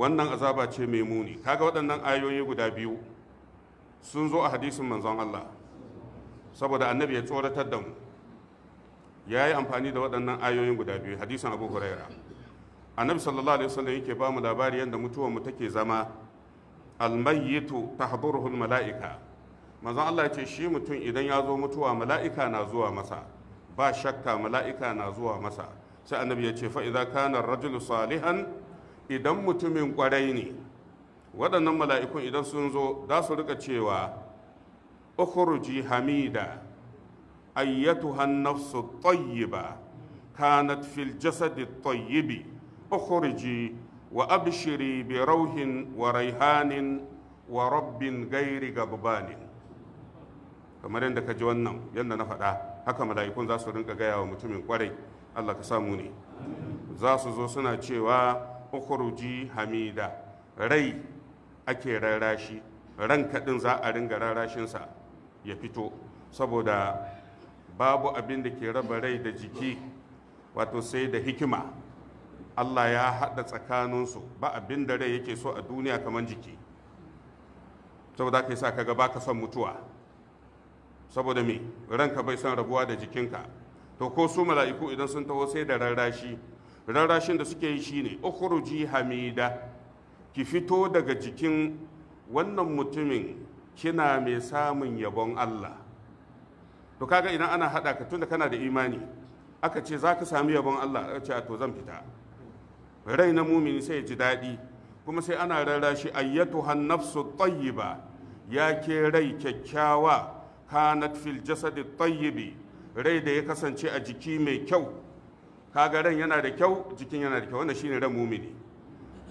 wannan azaba ce mai muni kaga waɗannan ayoyi guda biyu sun zo a hadisin manzon Allah saboda annabi ya tsoratar da mu ya yi amfani da waɗannan ayoyin guda biyu hadisin abu huraira annabi sallallahu alaihi wasallam yake ba mu labari yadda mutuwar mu take zama almayyitu tahduruhu mala'ika manzon Allah ya ce shi mutum idan ya zo mutuwa mala'ika na zuwa masa ba shakka mala'ika na zuwa masa sai annabi ya ce fa idza kana ar-rajulu salihan idan mutumin kwarai ne waɗannan mala'ikun idan sun zo za su rika cewa ukhruji hamida ayyatuha an-nafsu tayyiba kanat fil jasadi tayyibi ukhruji wa abshiri bi rauhin wa raihanin wa rabbin gairi gabanin kamar yadda ka ji wannan yadda na faɗa haka mala'ikun za su rinka gaya wa mutumin kwarai allah ka samu ne za su zo suna cewa ukhruji hamida rai ake rarashi. ranka kadin za a ringa sa ya fito saboda babu abin da ke raba rai da jiki wato sai da hikima Allah ya haɗa tsakaninsu ba abin da rai yake so a duniya kamar jiki saboda ka yi sa kaga baka son mutuwa saboda me ranka bai son rabuwa da jikinka to ko su mala'iku idan sun taho sai da rarrashi rarrashin da suke yi shine ukhruji hamida ki fito daga jikin wannan mutumin kina mai samun yabon Allah to kaga idan ana hada ka da kana da imani aka ce za ka sami yabon Allah aka ce to zan fita rai na mumini sai ji daɗi kuma sai ana rarrashi han nafsu tayyiba ya ke rai kyakkyawa kanat fil jasadi tayyibi rai da ya kasance a jiki mai kyau Ka ga ran yana da kyau jikin yana da kyau wannan shine ran mumini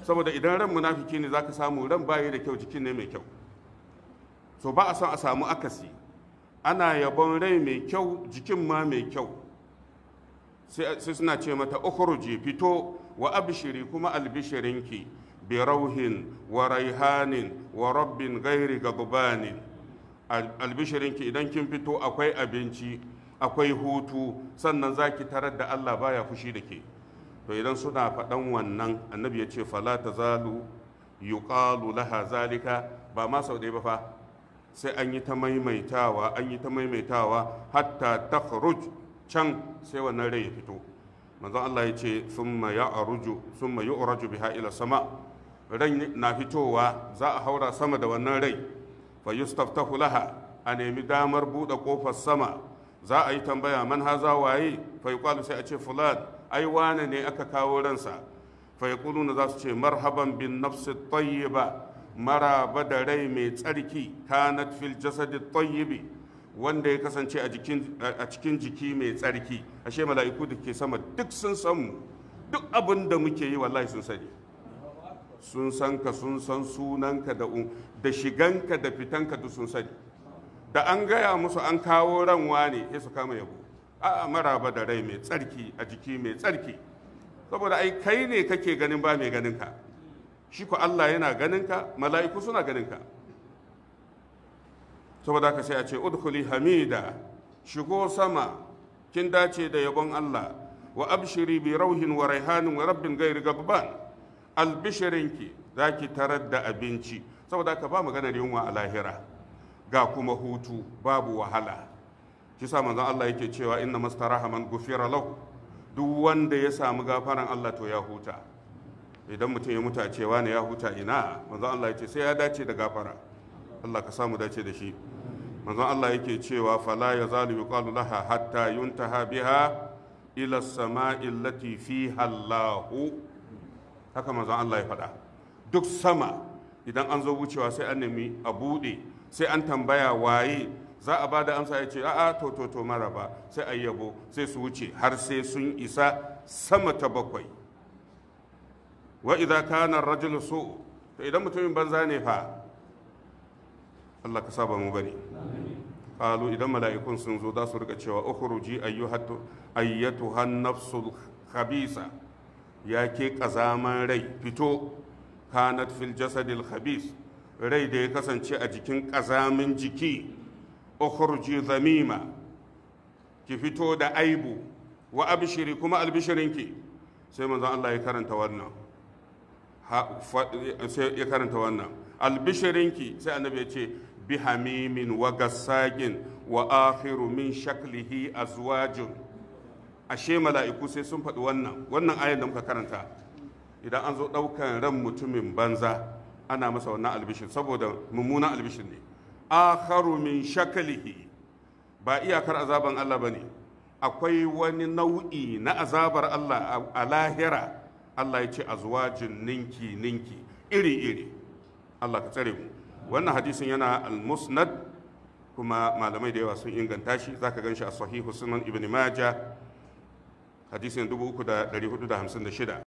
saboda idan ran munafiki ne zaka samu ran bayi da kyau jikin ne mai kyau so ba a son a samu akasi ana yabon rai mai kyau jikin ma mai kyau sai suna ce mata ukhruji fito wa abshiri kuma albishirinki bi rauhin wa raihanin wa rabbin ghairi gadbanin albishirinki idan kin fito akwai abinci akwai hutu sannan za ki tarar da Allah baya fushi da ke to idan suna faɗan wannan annabi ya ce fala ta zalu yuqalu laha zalika ba ma sau ɗaya ba fa sai an yi ta maimaitawa an yi ta maimaitawa hatta takhruj can sai wannan rai ya fito manzon Allah ya ce sun ya'ruju summa yu'raju biha ila sama rai na fitowa za a haura sama da wannan rai fa yustaftahu laha a nemi damar buɗe ƙofar sama za a yi tambaya man haza waye fa yuqalu sai a ce fulan ai wane ne aka kawo ransa fa yaquluna za su ce marhaban bin nafsi tayyiba maraba da rai mai tsarki kanat fil jasadi tayyibi wanda ya kasance a cikin jiki mai tsarki ashe mala'iku da ke sama duk sun mu duk abin da muke yi wallahi sun sani sun san ka sun san sunanka da shiganka da fitanka duk sun sani da an gaya musu an kawo ranwa ne sai su kama yabo a maraba da rai mai tsarki a jiki mai tsarki saboda ai kai ne kake ganin ba mai ganinka. shi ko Allah yana ganinka, mala'iku suna ganinka. saboda ka sai a ce udkhuli hamida shigo sama kin dace da yabon Allah wa abshiri bi rauhin wa raihanin wa rabbin gairi gabban albishirinki zaki tarar da abinci saboda ka ba maganar yunwa a lahira ga kuma hutu babu wahala Kisa sa manzon Allah yake cewa inna mastaraha man gufira lahu duk wanda ya samu gafaran Allah to ya huta idan mutum ya muta cewa ne ya huta ina manzon Allah yake sai ya dace da gafara Allah ka samu dace da shi manzon Allah yake cewa fala yazalu yuqalu laha hatta yuntaha biha ila as-sama'i allati fiha Allah haka manzon Allah ya faɗa duk sama idan an zo wucewa sai an nemi a bude. sai an tambaya waye za a ba da amsa ya ce a'a to to to maraba sai a yabo sai su wuce har sai sun isa sama ta bakwai wa idza kana rajul su to idan mutumin banza ne fa Allah ka saba mu bane qalu idan mala'ikun sun zo za su rika cewa ukhruji ayyuhatu ayyatuha nafsul khabisa ya ke kazaman rai fito kanat fil jasadil khabis rai da ya kasance a jikin ƙazamin jiki ukhruji zamima ki fito da aibu wa abshiri kuma albishirinki sai manzon Allah ya karanta wannan ya karanta wannan albishirinki sai annabi ya ce bi hamimin wa gassagin wa akhiru min shaklihi azwajun ashe mala'iku sai sun faɗi wannan wannan ayar da muka karanta idan an zo ɗaukan ran mutumin banza ana masa wannan albishin saboda mummunan albishin ne akharu min shakalihi ba iyakar azaban Allah bane akwai wani nau'i na azabar Allah a lahira Allah ya ce azwajin ninki ninki iri iri Allah ka tsare mu wannan hadisin yana al-musnad kuma malamai da yawa sun inganta shi zaka ganshi a sahihu sunan ibn majah hadisin 3456